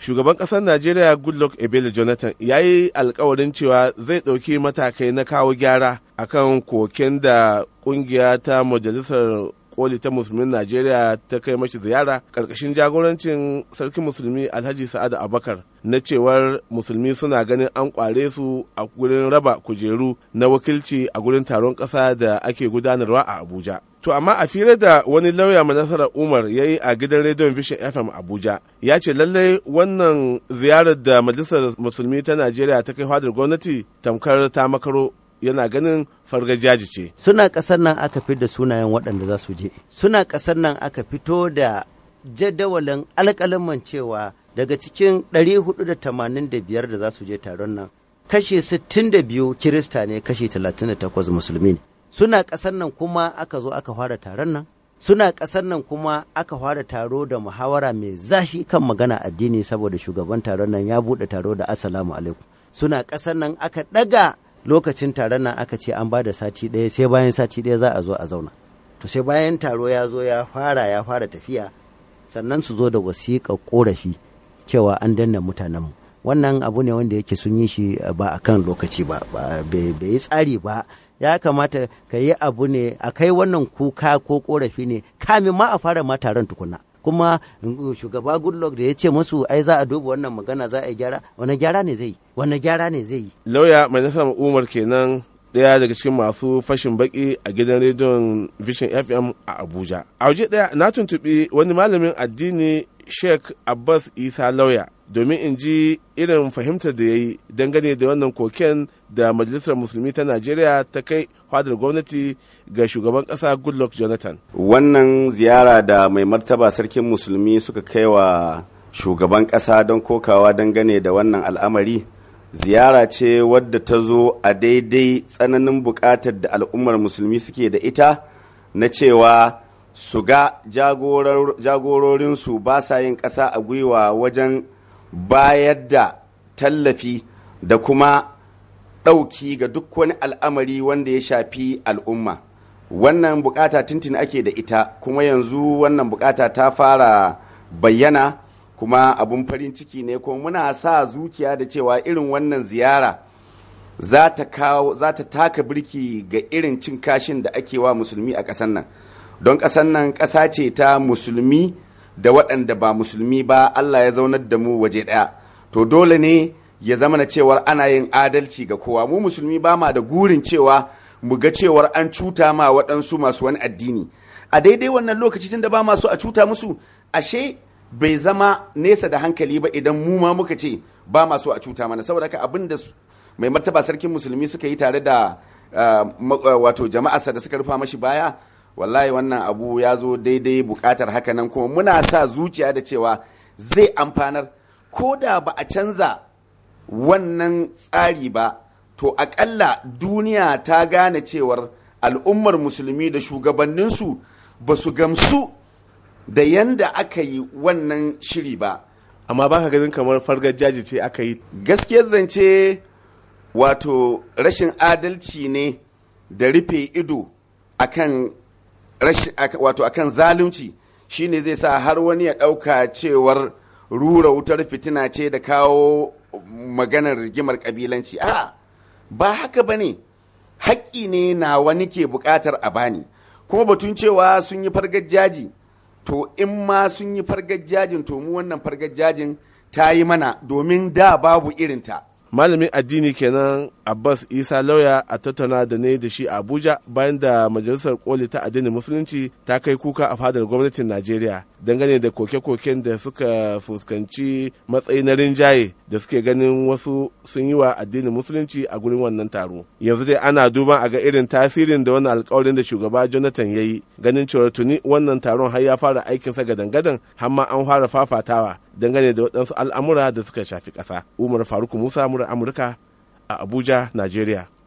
shugaban ƙasar najeriya goodluck ebele jonathan ya yi alkawarin cewa zai ɗauki matakai na kawo gyara akan koken da ƙungiya ta majalisar koli ta musulmin najeriya ta kai mashi ziyara ƙarƙashin jagorancin sarkin musulmi alhaji sa'adu abakar na cewar musulmi suna ganin an kware su a gurin raba kujeru na wakilci a gurin taron ƙasa da ake gudanarwa a abuja To amma a fira da wani lauya nasarar Umar ya yi a gidan rediyon Vision FM Abuja ya ce lallai wannan ziyarar da Majalisar Musulmi ta Najeriya ta kai hadar gwamnati tamkar ta makaro yana ganin fargajaji ce. Suna ƙasar nan aka fi da sunayen waɗanda za su je. Suna ƙasar nan aka fito da jadawalin alƙalaman cewa daga cikin 485 da za su je taron nan kashi 62 kirista ne kashi 38 musulmi ne. suna ƙasar nan kuma aka zo aka fara taron nan suna ƙasar nan kuma aka fara taro da muhawara mai zashi kan magana addini saboda shugaban taron nan ya buɗe taro da assalamu alaikum suna ƙasar nan aka ɗaga lokacin taron nan aka ce an ba da sati ɗaya sai bayan sati ɗaya za a zo a zauna to sai bayan taro ya zo ya fara ya fara tafiya sannan su zo da wasiƙa ƙorafi cewa an danna mutanenmu wannan abu ne wanda yake sun yi shi ba a kan lokaci ba bai yi tsari ba ya kamata ka yi abu ne a kai wannan kuka ko korafi ne kamin ma a fara ma taron tukuna kuma mm, shugaba goodluck da ya ce masu ai za a duba wannan magana za a gyara wani gyara ne zai yi wani gyara ne zai yi lauya mai nasa umar kenan daya daga cikin masu fashin baki a gidan rediyon vision fm a abuja a waje daya na tuntubi wani malamin addini sheikh abbas isa lauya domin in ji irin fahimtar da ya yi dangane da wannan koken da majalisar musulmi ta najeriya ta kai fadar gwamnati ga shugaban kasa goodluck jonathan wannan ziyara da mai martaba sarkin musulmi suka kai wa shugaban kasa don kokawa dangane da wannan al'amari ziyara ce wadda ta zo a daidai tsananin buƙatar da al'ummar musulmi suke da ita na cewa su ga jagororinsu ba sa yin ƙasa a gwiwa wajen bayar da tallafi da kuma ɗauki ga duk wani al'amari wanda ya shafi al'umma wannan bukata tintin ake da ita kuma yanzu wannan bukata ta fara bayyana kuma abun farin ciki ne kuma muna sa zuciya da cewa irin wannan ziyara za ta taka birki ga irin cin kashin da ake wa musulmi a ƙasar nan don ƙasar nan ƙasa ce ta musulmi da waɗanda ba musulmi ba Allah ya zaunar da mu waje ɗaya to dole ne ya zama na cewar ana yin adalci ga kowa mu musulmi ba ma da gurin cewa mu ga cewar an cuta ma waɗansu masu wani addini a daidai wannan lokaci tun da ba masu a cuta musu ashe bai zama nesa da hankali ba idan mu ma muka ce ba masu a cuta mana saboda haka abin da mai martaba sarkin musulmi suka yi tare da eh, eh, wato jama'arsa da suka rufa mashi baya wallahi wannan abu ya zo daidai bukatar haka nan kuma muna sa zuciya da cewa zai amfanar ko da ba a canza wannan tsari ba to akalla duniya ta gane cewar al'ummar musulmi da shugabanninsu ba su gamsu da yanda aka yi wannan shiri ba amma ba ka ganin kamar fargar jaji ce aka yi gaskiyar zance wato rashin adalci ne da rufe ido akan wato akan zalunci shine zai sa har wani ya ɗauka cewar rura wutar fitina ce da kawo maganar rigimar kabilanci. a ba haka ba ne haƙƙi ne na wani ke buƙatar a bani kuma batun cewa sun yi fargajjaji, to in ma sun yi fargajjajin, to mu wannan fargajjajin ta yi mana domin da babu irinta malamin addini kenan abbas isa lauya a tattauna da ne da shi abuja bayan da majalisar koli ta addinin musulunci ta kai kuka a fadar gwamnatin najeriya dangane da koke-koken da suka fuskanci matsayi na rinjaye da suke ganin wasu sun yi wa addinin musulunci a gurin wannan taro yanzu dai ana duban a ga irin tasirin da wannan alkawarin da shugaba jonathan ya yi ganin cewa tuni wannan taron har ya fara aikin sa gadan-gadan har ma an fara fafatawa dangane da waɗansu al'amura da suka shafi ƙasa umar faruk musa mura amurka a abuja nigeria.